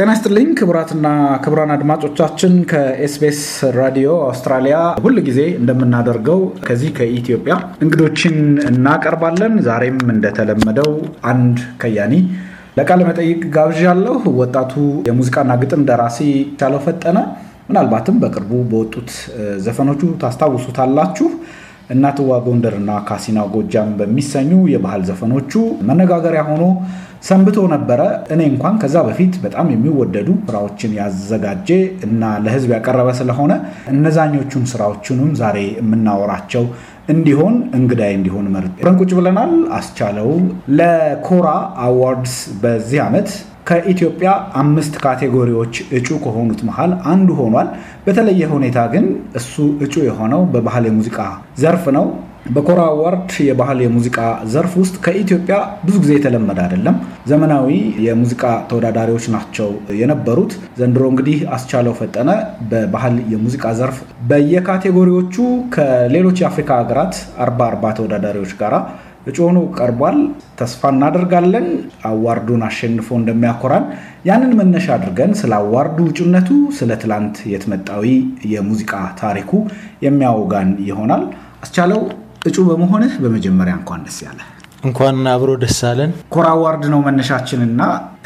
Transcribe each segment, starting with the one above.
ጤና ይስጥልኝ ክቡራትና ክቡራን አድማጮቻችን ከኤስቢኤስ ራዲዮ አውስትራሊያ ሁል ጊዜ እንደምናደርገው ከዚህ ከኢትዮጵያ እንግዶችን እናቀርባለን። ዛሬም እንደተለመደው አንድ ከያኒ ለቃለ መጠይቅ ጋብዣለሁ። ወጣቱ የሙዚቃና ግጥም ደራሲ ቻለው ፈጠነ ምናልባትም በቅርቡ በወጡት ዘፈኖቹ ታስታውሱታላችሁ። እናትዋ ጎንደርና ካሲና ጎጃም በሚሰኙ የባህል ዘፈኖቹ መነጋገሪያ ሆኖ ሰንብቶ ነበረ። እኔ እንኳን ከዛ በፊት በጣም የሚወደዱ ስራዎችን ያዘጋጀ እና ለህዝብ ያቀረበ ስለሆነ እነዛኞቹን ስራዎቹንም ዛሬ የምናወራቸው እንዲሆን እንግዳይ እንዲሆን መርጬ ቁጭ ብለናል። አስቻለው ለኮራ አዋርድስ በዚህ ዓመት ከኢትዮጵያ አምስት ካቴጎሪዎች እጩ ከሆኑት መሃል አንዱ ሆኗል። በተለየ ሁኔታ ግን እሱ እጩ የሆነው በባህል የሙዚቃ ዘርፍ ነው። በኮራ አዋርድ የባህል የሙዚቃ ዘርፍ ውስጥ ከኢትዮጵያ ብዙ ጊዜ የተለመደ አይደለም። ዘመናዊ የሙዚቃ ተወዳዳሪዎች ናቸው የነበሩት። ዘንድሮ እንግዲህ አስቻለው ፈጠነ በባህል የሙዚቃ ዘርፍ በየካቴጎሪዎቹ ከሌሎች የአፍሪካ ሀገራት አርባ አርባ ተወዳዳሪዎች ጋራ እጩ ሆኖ ቀርቧል። ተስፋ እናደርጋለን አዋርዱን አሸንፎ እንደሚያኮራን ያንን መነሻ አድርገን ስለ አዋርዱ እጩነቱ፣ ስለ ትላንት የትመጣዊ የሙዚቃ ታሪኩ የሚያወጋን ይሆናል። አስቻለው እጩ በመሆንህ በመጀመሪያ እንኳን ደስ ያለ። እንኳን አብሮ ደስ አለን። ኮራ አዋርድ ነው መነሻችንና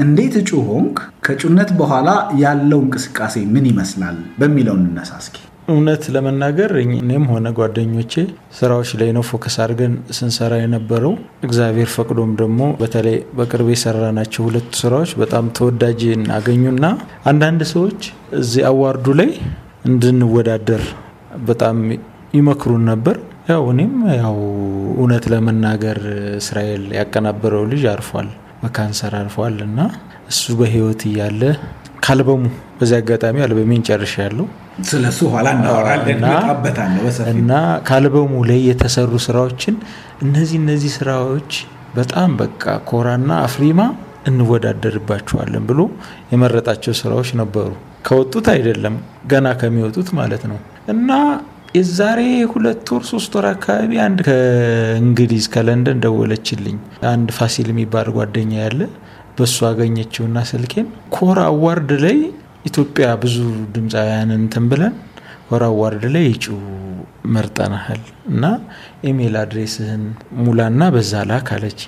እንዴት እጩ ሆንክ? ከእጩነት በኋላ ያለው እንቅስቃሴ ምን ይመስላል በሚለው እንነሳ እስኪ። እውነት ለመናገር እኔም ሆነ ጓደኞቼ ስራዎች ላይ ነው ፎከስ አድርገን ስንሰራ የነበረው። እግዚአብሔር ፈቅዶም ደግሞ በተለይ በቅርብ ናቸው ሁለቱ ስራዎች በጣም ተወዳጅ አገኙና አንዳንድ ሰዎች እዚህ አዋርዱ ላይ እንድንወዳደር በጣም ይመክሩን ነበር። ያው እኔም ያው እውነት ለመናገር እስራኤል ያቀናበረው ልጅ አርፏል፣ በካንሰር አርፏል እና እሱ በህይወት እያለ ካልበሙ በዚህ አጋጣሚ አልበሜን ጨርሻ ያለው ስለሱ ኋላ እናወራለን እና ከአልበሙ ላይ የተሰሩ ስራዎችን እነዚህ እነዚህ ስራዎች በጣም በቃ ኮራና አፍሪማ እንወዳደርባቸዋለን ብሎ የመረጣቸው ስራዎች ነበሩ። ከወጡት አይደለም ገና ከሚወጡት ማለት ነው እና የዛሬ ሁለት ወር ሶስት ወር አካባቢ አንድ ከእንግሊዝ ከለንደን ደወለችልኝ። አንድ ፋሲል የሚባል ጓደኛ ያለ በሱ አገኘችውና ስልኬን ኮራ አዋርድ ላይ ኢትዮጵያ ብዙ ድምፃውያንን እንትን ብለን ወር ዋርድ ላይ እጩ መርጠናሃል እና ኢሜል አድሬስህን ሙላና በዛ ላክ አለች።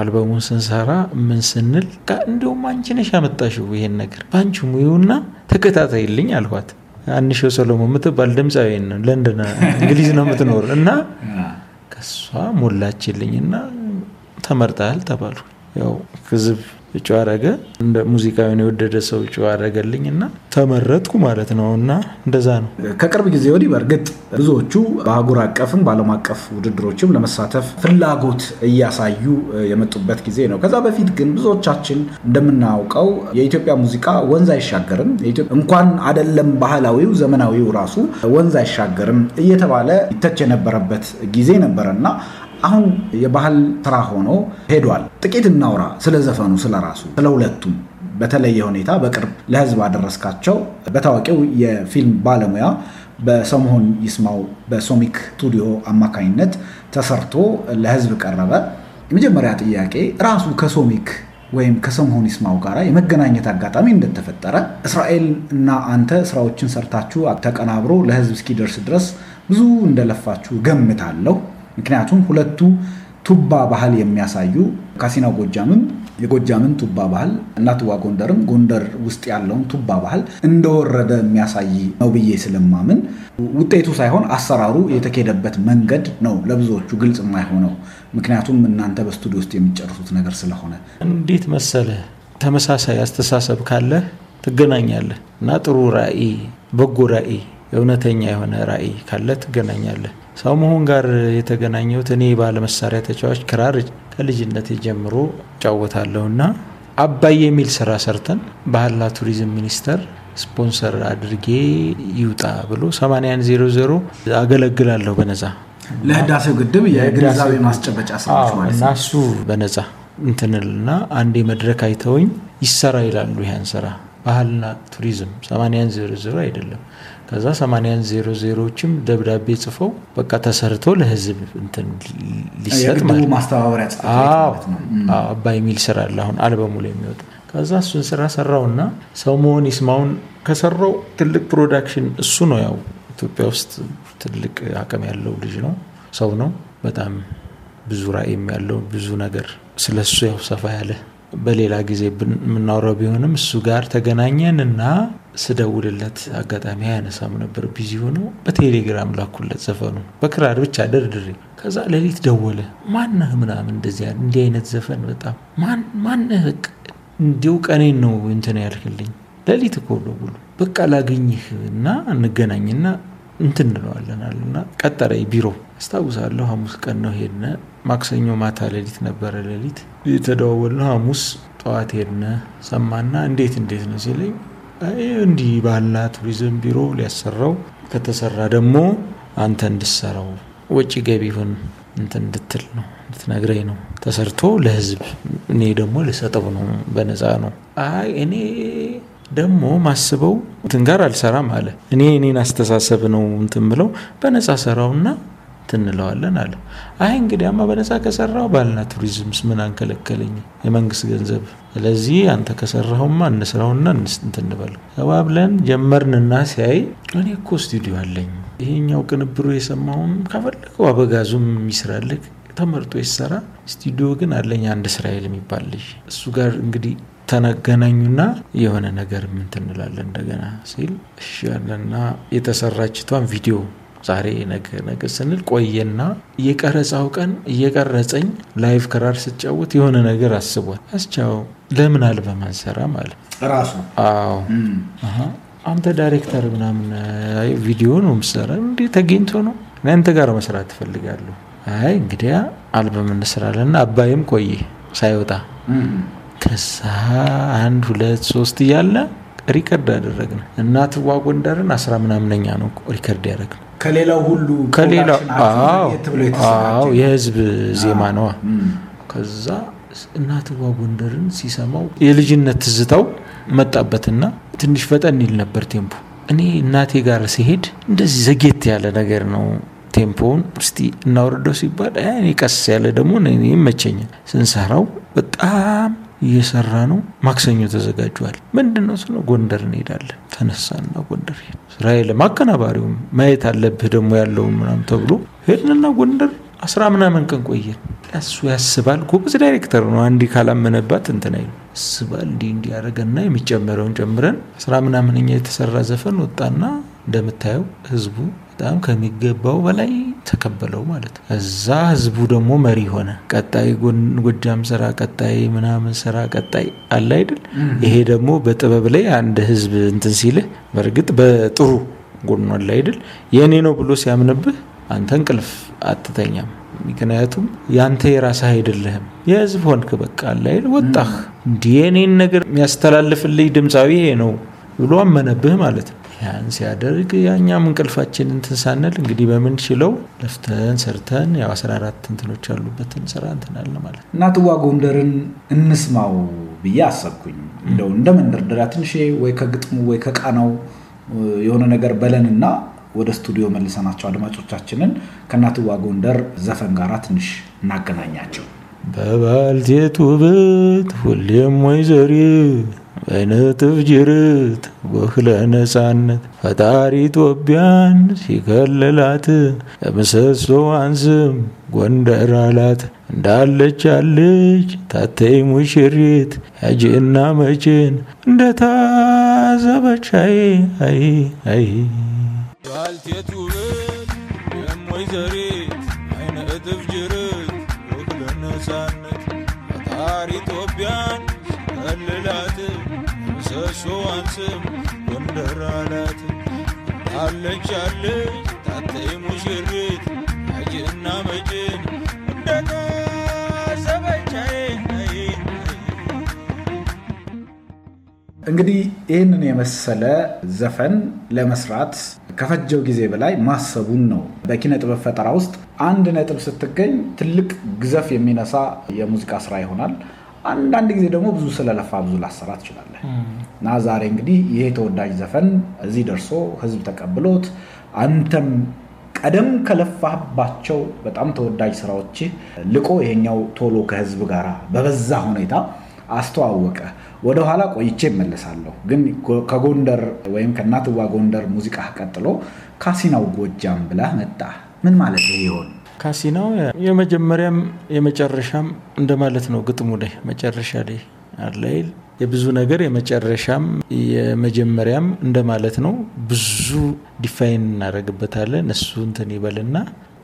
አልበሙን ስንሰራ ምን ስንል እንዲሁም አንቺ ነሽ ያመጣሽው ይሄን ነገር በአንቺ ሙዩና ተከታታይልኝ አልኋት። አንሺው ሰሎሞን የምትባል ድምፃዊ ለንደን እንግሊዝ ነው የምትኖር እና ከሷ እና ተመርጠሃል ተባሉ። ያው ህዝብ እጩ አረገ እንደ ሙዚቃውን የወደደ ሰው እጩ አረገልኝ እና ተመረጥኩ ማለት ነው። እና እንደዛ ነው። ከቅርብ ጊዜ ወዲህ በእርግጥ ብዙዎቹ በአህጉር አቀፍም በዓለም አቀፍ ውድድሮችም ለመሳተፍ ፍላጎት እያሳዩ የመጡበት ጊዜ ነው። ከዛ በፊት ግን ብዙዎቻችን እንደምናውቀው የኢትዮጵያ ሙዚቃ ወንዝ አይሻገርም፣ እንኳን አደለም ባህላዊው ዘመናዊው ራሱ ወንዝ አይሻገርም እየተባለ ይተች የነበረበት ጊዜ ነበረ እና አሁን የባህል ስራ ሆኖ ሄዷል። ጥቂት እናውራ ስለ ዘፈኑ፣ ስለ ራሱ፣ ስለ ሁለቱም በተለየ ሁኔታ በቅርብ ለህዝብ አደረስካቸው በታዋቂው የፊልም ባለሙያ በሰሞሆን ይስማው በሶሚክ ስቱዲዮ አማካኝነት ተሰርቶ ለህዝብ ቀረበ። የመጀመሪያ ጥያቄ ራሱ ከሶሚክ ወይም ከሰምሆን ይስማው ጋር የመገናኘት አጋጣሚ እንደተፈጠረ እስራኤል እና አንተ ስራዎችን ሰርታችሁ ተቀናብሮ ለህዝብ እስኪደርስ ድረስ ብዙ እንደለፋችሁ ገምታለሁ። ምክንያቱም ሁለቱ ቱባ ባህል የሚያሳዩ ካሲና ጎጃምም የጎጃምን ቱባ ባህል እና ቱባ ጎንደርም ጎንደር ውስጥ ያለውን ቱባ ባህል እንደወረደ የሚያሳይ ነው ብዬ ስለማምን ውጤቱ ሳይሆን አሰራሩ የተኬደበት መንገድ ነው ለብዙዎቹ ግልጽ የማይሆነው። ምክንያቱም እናንተ በስቱዲዮ ውስጥ የሚጨርሱት ነገር ስለሆነ እንዴት መሰለ ተመሳሳይ አስተሳሰብ ካለ ትገናኛለህ እና ጥሩ ራዕይ፣ በጎ ራዕይ እውነተኛ የሆነ ራዕይ ካለ ትገናኛለህ። ሰው መሆን ጋር የተገናኘሁት እኔ ባለመሳሪያ ተጫዋች ክራር ከልጅነት ጀምሮ እጫወታለሁና አባይ የሚል ስራ ሰርተን ባህልና ቱሪዝም ሚኒስቴር ስፖንሰር አድርጌ ይውጣ ብሎ 8100 አገለግላለሁ በነጻ ለህዳሴው ግድብ የግንዛቤ ማስጨበጫ ስራዎች ማለት ነው። እሱ በነጻ እንትንልና አንዴ መድረክ አይተውኝ ይሰራ ይላሉ። ይህን ስራ ባህልና ቱሪዝም 8100 አይደለም ከዛ 80 ዜሮ ዜሮዎችም ደብዳቤ ጽፈው በቃ ተሰርቶ ለህዝብ እንትን ሊሰጥ ማለት አባይ የሚል ስራ አለ አሁን አልበሙ ላይ የሚወጡ ከዛ እሱን ስራ ሰራውና ሰው መሆን ይስማውን ከሰራው ትልቅ ፕሮዳክሽን እሱ ነው። ያው ኢትዮጵያ ውስጥ ትልቅ አቅም ያለው ልጅ ነው፣ ሰው ነው። በጣም ብዙ ራዕይም ያለው ብዙ ነገር ስለ እሱ ያው ሰፋ ያለ በሌላ ጊዜ የምናውረው ቢሆንም እሱ ጋር ተገናኘን እና ስደውልለት አጋጣሚ አያነሳም ነበር፣ ቢዚ ሆኖ በቴሌግራም ላኩለት ዘፈኑ በክራር ብቻ ደርድሬ። ከዛ ሌሊት ደወለ። ማነህ ምናምን እንደዚያ እንዲህ አይነት ዘፈን በጣም ማነህ እንዲው ቀኔን ነው እንትን ያልክልኝ። ሌሊት እኮ ደውሎ በቃ ላግኝህ እና እንገናኝና እንትን እንለዋለናል እና ቀጠረኝ ቢሮ አስታውሳለሁ። ሐሙስ ቀን ነው ሄድነ። ማክሰኞ ማታ ሌሊት ነበረ ሌሊት የተደዋወል ነው። ሐሙስ ጠዋት ሄድነ። ሰማና እንዴት እንዴት ነው ሲለኝ እንዲህ ባህልና ቱሪዝም ቢሮ ሊያሰራው ከተሰራ ደግሞ አንተ እንድሰራው ወጪ ገቢውን እንትን እንድትል ነው እንድትነግረኝ ነው ተሰርቶ ለህዝብ እኔ ደግሞ ልሰጠው ነው በነፃ ነው። አይ እኔ ደግሞ ማስበው እንትን ጋር አልሰራም አለ። እኔ እኔን አስተሳሰብ ነው እንትን ብለው በነፃ ሰራውና ትንለዋለን አለ። አይ እንግዲያማ በነፃ ከሰራው ባህልና ቱሪዝምስ ምን አንከለከለኝ? የመንግስት ገንዘብ። ስለዚህ አንተ ከሰራሁማ እንስራውና እንትንበል ተባብለን ጀመርንና ሲያይ እኔ እኮ ስቱዲዮ አለኝ፣ ይሄኛው ቅንብሩ የሰማውን ከፈለገው አበጋዙም ይስራልክ ተመርጦ ይሰራ፣ ስቱዲዮ ግን አለኝ አንድ እስራኤል የሚባል ልጅ እሱ ጋር እንግዲህ ተነገናኙና የሆነ ነገር ምንትን እንላለን እንደገና ሲል እሺ ያለና የተሰራችቷን ቪዲዮ ዛሬ ነገ ነገ ስንል ቆየና የቀረጻው ቀን እየቀረጸኝ ላይቭ ክራር ስጫወት የሆነ ነገር አስቧል። አስቻው ለምን አልበም አንሰራ ማለት ራሱ። አዎ አንተ ዳይሬክተር ምናምን ቪዲዮ ነው ምሰራ እንዴ? ተገኝቶ ነው እናንተ ጋር መስራት ትፈልጋለሁ። አይ እንግዲያ አልበም እንስራለና አባይም ቆየ ሳይወጣ ከሳ አንድ ሁለት ሶስት እያለ ሪከርድ ያደረግን እናትዋ ጎንደርን አስራ ምናምነኛ ነው ሪከርድ ያደረግን። ከሌላው ሁሉ ከሌላው የህዝብ ዜማ ነዋ። ከዛ እናትዋ ጎንደርን ሲሰማው የልጅነት ትዝታው መጣበትና ትንሽ ፈጠን ይል ነበር ቴምፖ። እኔ እናቴ ጋር ሲሄድ እንደዚህ ዘጌት ያለ ነገር ነው ቴምፖውን እስቲ እናወርደው ሲባል ቀስ ያለ ደግሞ ይመቸኛል። ስንሰራው በጣም እየሰራ ነው። ማክሰኞ ተዘጋጀዋል ምንድን ነው ስለ ጎንደር እንሄዳለን። ተነሳና ጎንደር ስራ እስራኤል ማየት አለብህ ደግሞ ያለውን ምናም ተብሎ ሄድንና ጎንደር አስራ ምናምን ቀን ቆየን። እሱ ያስባል። ጎበዝ ዳይሬክተር ነው። አንዲ ካላመነባት እንትና ያስባል። እንዲህ እንዲህ ያደረገና የሚጨመረውን ጨምረን አስራ ምናምንኛ የተሰራ ዘፈን ወጣና እንደምታየው ህዝቡ በጣም ከሚገባው በላይ ተከበለው ማለት ነው። እዛ ህዝቡ ደግሞ መሪ ሆነ። ቀጣይ ጎጃም ስራ፣ ቀጣይ ምናምን ስራ፣ ቀጣይ አለ አይደል? ይሄ ደግሞ በጥበብ ላይ አንድ ህዝብ እንትን ሲልህ በእርግጥ በጥሩ ጎኗ አለ አይደል? የእኔ ነው ብሎ ሲያምንብህ አንተ እንቅልፍ አትተኛም። ምክንያቱም ያንተ የራስህ አይደለህም፣ የህዝብ ሆንክ። በቃ አለ አይደል? ወጣህ። እንዲህ የእኔን ነገር የሚያስተላልፍልኝ ድምፃዊ ይሄ ነው ብሎ አመነብህ ማለት ነው። ያን ሲያደርግ ያኛም እንቅልፋችን እንትን ሳንል እንግዲህ በምንችለው ለፍተን ሰርተን ያው 14 እንትኖች ያሉበትን ስራ እንትናለ ማለት እና ትዋ ጎንደርን እንስማው ብዬ አሰብኩኝ። እንደው እንደ መንደርደሪያ ትንሽ ወይ ከግጥሙ ወይ ከቃናው የሆነ ነገር በለንና ወደ ስቱዲዮ መልሰናቸው አድማጮቻችንን ከእናትዋ ጎንደር ዘፈን ጋራ ትንሽ እናገናኛቸው። በባልቴቱ ብት ሁሌም ወይዘሪ በንጥፍ ጅርት ወክለ ነፃነት ፈጣሪ ኢትዮጵያን ሲከልላት የምሰሶዋን ስም ጎንደር አላት። እንዳለች አለች ታተይ ሙሽሪት ያጅና መቼን እንደታዘበች አይ አይ አይ ሸዋንስም ጎንደር አላት አለች አለች ታቴ ሙሽሪት መጅን እንግዲህ ይህንን የመሰለ ዘፈን ለመስራት ከፈጀው ጊዜ በላይ ማሰቡን ነው። በኪነ ጥበብ ፈጠራ ውስጥ አንድ ነጥብ ስትገኝ ትልቅ ግዘፍ የሚነሳ የሙዚቃ ስራ ይሆናል። አንዳንድ ጊዜ ደግሞ ብዙ ስለለፋ ብዙ ላሰራ ትችላለህ። እና ዛሬ እንግዲህ ይሄ ተወዳጅ ዘፈን እዚህ ደርሶ ህዝብ ተቀብሎት አንተም ቀደም ከለፋህባቸው በጣም ተወዳጅ ስራዎች ልቆ ይሄኛው ቶሎ ከህዝብ ጋር በበዛ ሁኔታ አስተዋወቀ። ወደኋላ ቆይቼ እመለሳለሁ። ግን ከጎንደር ወይም ከእናትዋ ጎንደር ሙዚቃ ቀጥሎ ካሲናው ጎጃም ብለህ መጣ። ምን ማለት ይሆን? ካሲናው የመጀመሪያም የመጨረሻም እንደማለት ነው። ግጥሙ ላይ መጨረሻ ላይ አለይል የብዙ ነገር የመጨረሻም የመጀመሪያም እንደማለት ነው። ብዙ ዲፋይን እናደርግበታለን። እሱ እንትን ይበልና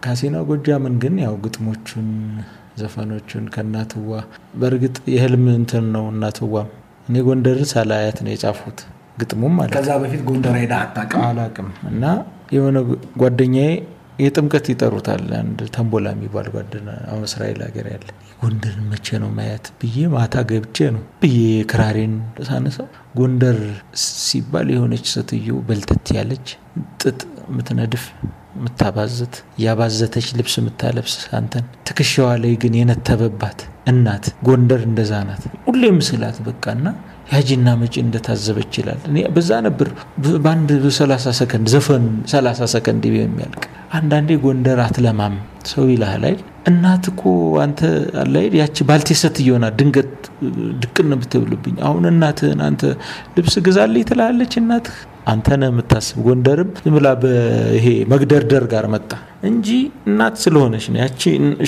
ካሲና ጎጃምን ግን ያው ግጥሞቹን፣ ዘፈኖቹን ከእናትዋ በእርግጥ የህልም እንትን ነው። እናትዋም እኔ ጎንደርን ሳላያት ነው የጻፉት ግጥሙም ማለት ከዛ በፊት ጎንደር ሄዳ አላቅም እና የሆነ ጓደኛዬ የጥምቀት ይጠሩታል። አንድ ተንቦላ የሚባል ጓደኛ አሁን እስራኤል ሀገር ያለ ጎንደርን መቼ ነው ማየት ብዬ ማታ ገብቼ ነው ብዬ ክራሬን ሳነሳው ጎንደር ሲባል የሆነች ሴትዮ በልተት ያለች ጥጥ የምትነድፍ የምታባዘት ያባዘተች ልብስ የምታለብስ አንተን ትከሻዋ ላይ ግን የነተበባት እናት ጎንደር እንደዛ ናት። ሁሌ ምስላት በቃ በቃና ያጂና መጪ እንደታዘበ ይችላል። በዛ ነበር በአንድ ሰላሳ ሰከንድ ዘፈን ሰላሳ ሰከንድ የሚያልቅ አንዳንዴ ጎንደር አትለማም ሰው ይልሃል አይደል? እናት እኮ አንተ አላይድ ያቺ ባልቴሰት እየሆና ድንገት ድቅን ብትብልብኝ አሁን እናትህን አንተ ልብስ ግዛልኝ ትላለች እናትህ አንተ ነህ የምታስብ። ጎንደርም ዝምላ በይሄ መግደርደር ጋር መጣ እንጂ እናት ስለሆነች ነው። ያቺ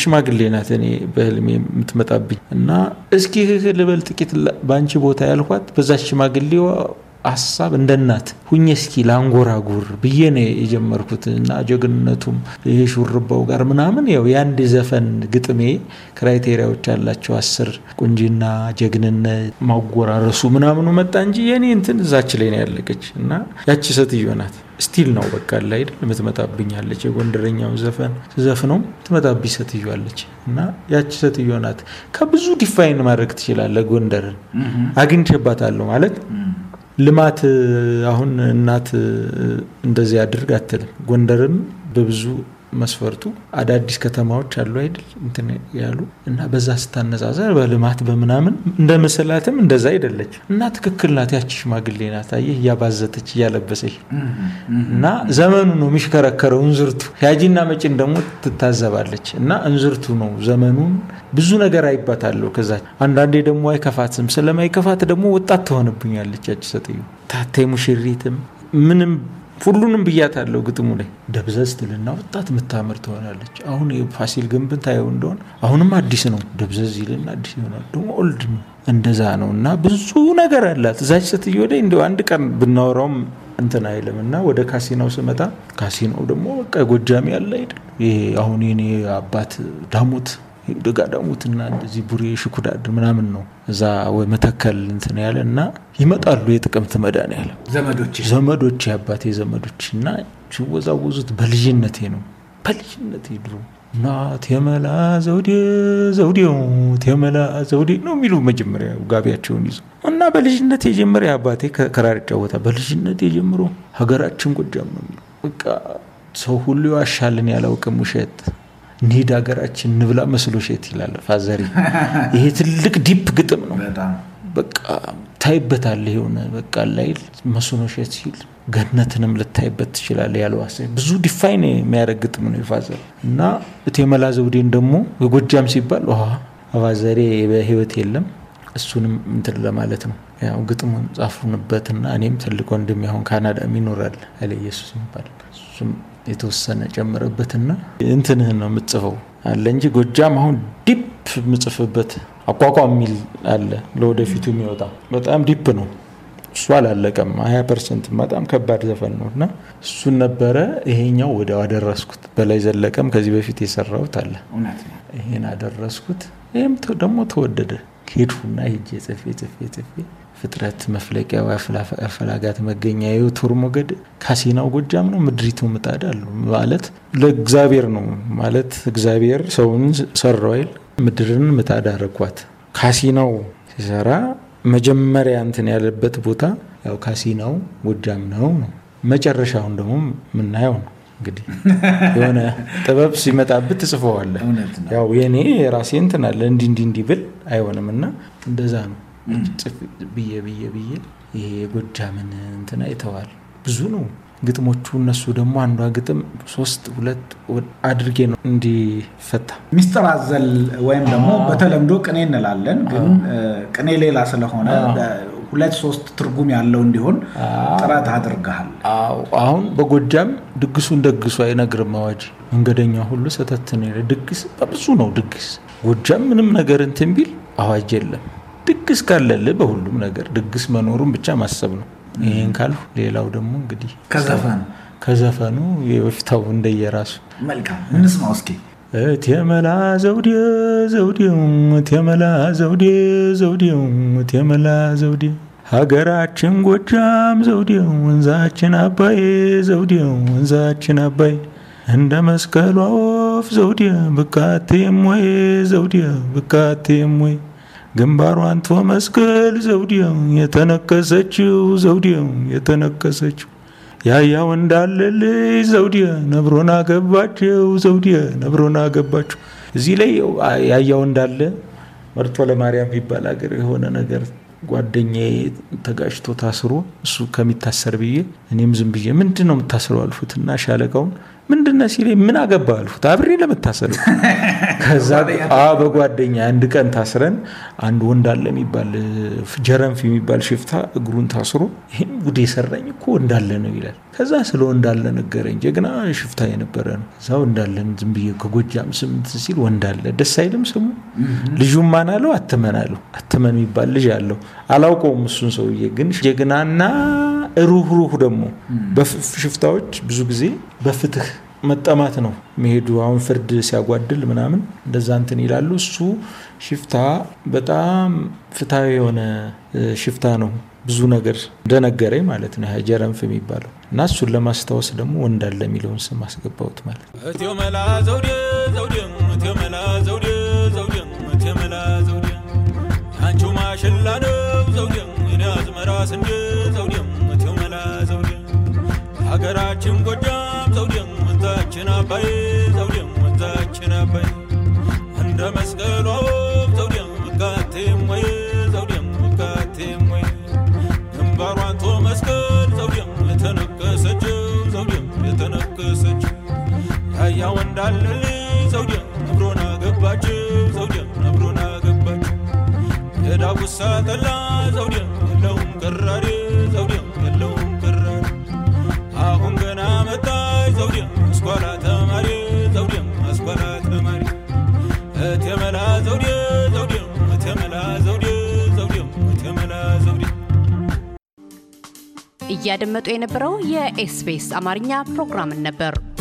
ሽማግሌ ናት እኔ በህልሜ የምትመጣብኝ እና እስኪ ህህ ልበል ጥቂት በአንቺ ቦታ ያልኳት በዛ ሽማግሌዋ ሀሳብ እንደ እናት ሁኜ እስኪ ላንጎራጉር ብዬ ነው የጀመርኩት እና ጀግንነቱም ይሄ ሹርባው ጋር ምናምን ያው የአንድ ዘፈን ግጥሜ ክራይቴሪያዎች ያላቸው አስር ቁንጂና፣ ጀግንነት፣ ማጎራረሱ ምናምኑ መጣ እንጂ የኔ እንትን እዛች ላይ ነው ያለቀች እና ያቺ ሴትዮ ናት ስቲል ነው በቃ ላይ አይደል የምትመጣብኛለች። የጎንደረኛው ዘፈን ስዘፍነው ትመጣብ ሴትዮ አለች እና ያቺ ሴትዮ ናት ከብዙ ዲፋይን ማድረግ ትችላለ ጎንደርን አግኝቼባታለሁ ማለት ልማት አሁን እናት እንደዚህ አድርግ አትልም። ጎንደርም በብዙ መስፈርቱ አዳዲስ ከተማዎች አሉ አይደል እንትን ያሉ እና በዛ ስታነጻጸር በልማት በምናምን እንደ መሰላትም እንደዛ አይደለች እና ትክክል ናት። ያቺ ሽማግሌ ናት። አየህ እያባዘተች እያለበሰች እና ዘመኑ ነው የሚሽከረከረው እንዝርቱ። ያጂና መጪን ደግሞ ትታዘባለች እና እንዝርቱ ነው ዘመኑን ብዙ ነገር አይባታለሁ። ከዛ አንዳንዴ ደግሞ አይከፋትም። ስለማይከፋት ደግሞ ወጣት ትሆንብኛለች ያች ሰጥዩ ታቴ ሙሽሪትም ምንም ሁሉንም ብያታለሁ። ግጥሙ ላይ ደብዘዝ ትልና ወጣት የምታምር ትሆናለች። አሁን ፋሲል ግንብን ታየው እንደሆን አሁንም አዲስ ነው። ደብዘዝ ይልና አዲስ ይሆናል። ደግሞ ኦልድ ነው። እንደዛ ነው እና ብዙ ነገር አላት እዛች ሴትዮ ላይ እንዲ አንድ ቀን ብናወራውም እንትን አይልም እና ወደ ካሲናው ስመጣ ካሲናው ደግሞ በቃ ጎጃሜ ያለ አይደል ይሄ አሁን የኔ አባት ዳሞት ደጋዳሙትና እንደዚህ ቡሬ ሽኩዳድ ምናምን ነው እዛ ወይ መተከል እንትን ያለ እና ይመጣሉ። የጥቅምት መዳን ዘመዶች ዘመዶች የአባቴ ዘመዶች እና ሲወዛወዙት በልጅነቴ ነው በልጅነቴ ድሮ ናት የመላ ዘውዴ ዘውዴ የመላ ዘውዴ ነው የሚሉ መጀመሪያ ጋቢያቸውን ይዞ እና በልጅነት የጀመረ አባቴ ከራር ይጫወታ በልጅነት የጀምሮ ሀገራችን ጎጃም ነው የሚሉ በቃ ሰው ሁሉ ይዋሻልን ያላውቅም ውሸት እንሂድ ሀገራችን ንብላ መስሎ ሼት ይላል ፋዘሪ። ይሄ ትልቅ ዲፕ ግጥም ነው። በቃ ታይበታል የሆነ በቃ ላይል መስኖ ሲል ገነትንም ልታይበት ትችላለ ያለዋሰ ብዙ ዲፋይን የሚያደርግ ግጥም ነው የፋዘሪ እና እቴመላ ዘውዴን ደግሞ የጎጃም ሲባል ውሃ አባዘሬ በህይወት የለም እሱንም እንትን ለማለት ነው ያው ግጥሙን ጻፉንበትና እኔም ትልቅ ወንድም ያሁን ካናዳ ይኖራል ኃይለ ኢየሱስ ይባል እሱም የተወሰነ ጨምርበትና እንትንህን ነው የምትጽፈው አለ እንጂ ጎጃም አሁን ዲፕ የምጽፍበት አቋቋም የሚል አለ ለወደፊቱ የሚወጣ በጣም ዲፕ ነው እሱ አላለቀም። ሀያ ፐርሰንት በጣም ከባድ ዘፈን ነው እና እሱን ነበረ ይሄኛው ወደ አደረስኩት። በላይ ዘለቀም ከዚህ በፊት የሰራሁት አለ ይሄን አደረስኩት። ይህም ደግሞ ተወደደ። ሄድሁና ሄጄ ጽፌ ጽፌ ጽፌ ፍጥረት መፍለቂያ አፈላጋት መገኛዩ ቶር ሞገድ ካሲናው ጎጃም ነው፣ ምድሪቱ ምጣድ አሉ ማለት ለእግዚአብሔር ነው ማለት እግዚአብሔር ሰውን ሰራይል ምድርን ምጣድ አረኳት። ካሲናው ሲሰራ መጀመሪያ እንትን ያለበት ቦታ ያው ካሲናው ጎጃም ነው ነው መጨረሻውን ደግሞ ምናየው ነው። እንግዲህ የሆነ ጥበብ ሲመጣብት ትጽፈዋለህ። ያው የኔ የራሴ እንትናለ እንዲ እንዲ እንዲ ብል አይሆንም እና እንደዛ ነው። ብዬ ብዬ ብዬ ይሄ የጎጃምን እንትና አይተዋል። ብዙ ነው ግጥሞቹ። እነሱ ደግሞ አንዷ ግጥም ሶስት ሁለት አድርጌ ነው እንዲፈታ ሚስጥር አዘል ወይም ደግሞ በተለምዶ ቅኔ እንላለን። ግን ቅኔ ሌላ ስለሆነ ሁለት ሶስት ትርጉም ያለው እንዲሆን ጥረት አድርገሃል። አሁን በጎጃም ድግሱን ደግሱ አይነግርም አዋጅ። መንገደኛ ሁሉ ሰተትን ድግስ በብዙ ነው ድግስ። ጎጃም ምንም ነገር እንትን ቢል አዋጅ የለም ድግስ ካለል በሁሉም ነገር ድግስ መኖሩን ብቻ ማሰብ ነው። ይህን ካልሁ ሌላው ደግሞ እንግዲህ ከዘፈኑ ከዘፈኑ የበፊታው እንደየራሱ መልካም እንስማ እስኪ እቴመላ ዘውዴ ዘውዴውም እቴመላ ዘውዴ ዘውዴውም እቴመላ ዘውዴ ሀገራችን ጎጃም ዘውዴው ወንዛችን አባይ ዘውዴው ወንዛችን አባይ እንደ መስቀሏ ወፍ ዘውዴ ብቃቴም ወይ ዘውዴ ብቃቴም ወይ ግንባሯን ትወ መስቀል ዘውዲው የተነከሰችው ዘውዲው የተነከሰችው ያያው እንዳለልይ ዘውዴ ነብሮና ገባችው ዘውዴ ነብሮና ገባችው። እዚህ ላይ ያያው እንዳለ መርቶ ለማርያም የሚባል ሀገር የሆነ ነገር ጓደኛዬ ተጋጭቶ ታስሮ እሱ ከሚታሰር ብዬ እኔም ዝም ብዬ ምንድን ነው የምታስረው አልፉትና ሻለቃውን ምንድነው ሲል ምን አገባ አልኩት። አብሬ ለመታሰር ከዛ በጓደኛ አንድ ቀን ታስረን አንድ ወንድ አለ የሚባል ጀረንፍ የሚባል ሽፍታ እግሩን ታስሮ ይህን ጉድ የሰራኝ እኮ እንዳለ ነው ይላል። ከዛ ስለ እንዳለ ነገረኝ። ጀግና ሽፍታ የነበረ ነው። እዛው እንዳለን ዝም ብዬ ከጎጃም ስምት ሲል ወንዳለ ደስ አይልም ስሙ። ልጁም ማን አለው? አትመን አለው። አትመን የሚባል ልጅ አለው። አላውቀውም እሱን ሰውዬ ግን ጀግናና ሩህሩህ ደግሞ በሽፍታዎች ብዙ ጊዜ በፍትህ መጠማት ነው መሄዱ። አሁን ፍርድ ሲያጓድል ምናምን እንደዛ እንትን ይላሉ። እሱ ሽፍታ በጣም ፍትሐዊ የሆነ ሽፍታ ነው። ብዙ ነገር ደነገረ ማለት ነው ጀረንፍ የሚባለው እና እሱን ለማስታወስ ደግሞ ወንዳለ የሚለውን ስም አስገባሁት ማለት ነው። ሀገራችን ጎጃም ሰው ደም ወንዛችን አባይ ሰው ደም ወንዛችን አባይ እንደ መስቀሉ አወብ ሰው መጋቴም ወይ ሰው መጋቴም ወይ ግንባሯን መስቀል ሰው የተነከሰች የተነከሰችው የተነከሰች ያያ ወንዳለልኝ ሰው ደም ነብሮና ገባችው ሰው ደም የዳጉሳ ጠላ ሰው የለውም ቀራሪ ዘውዴ አስኳላ ተማሪ ዘውዴ አስኳላ ተማሪ እቴመላ ዘውዴ ዘውዴ እቴመላ ዘውዴ ዘውዴ እቴመላ ዘውዴ እያደመጡ የነበረው የኤስቢኤስ አማርኛ ፕሮግራምን ነበር።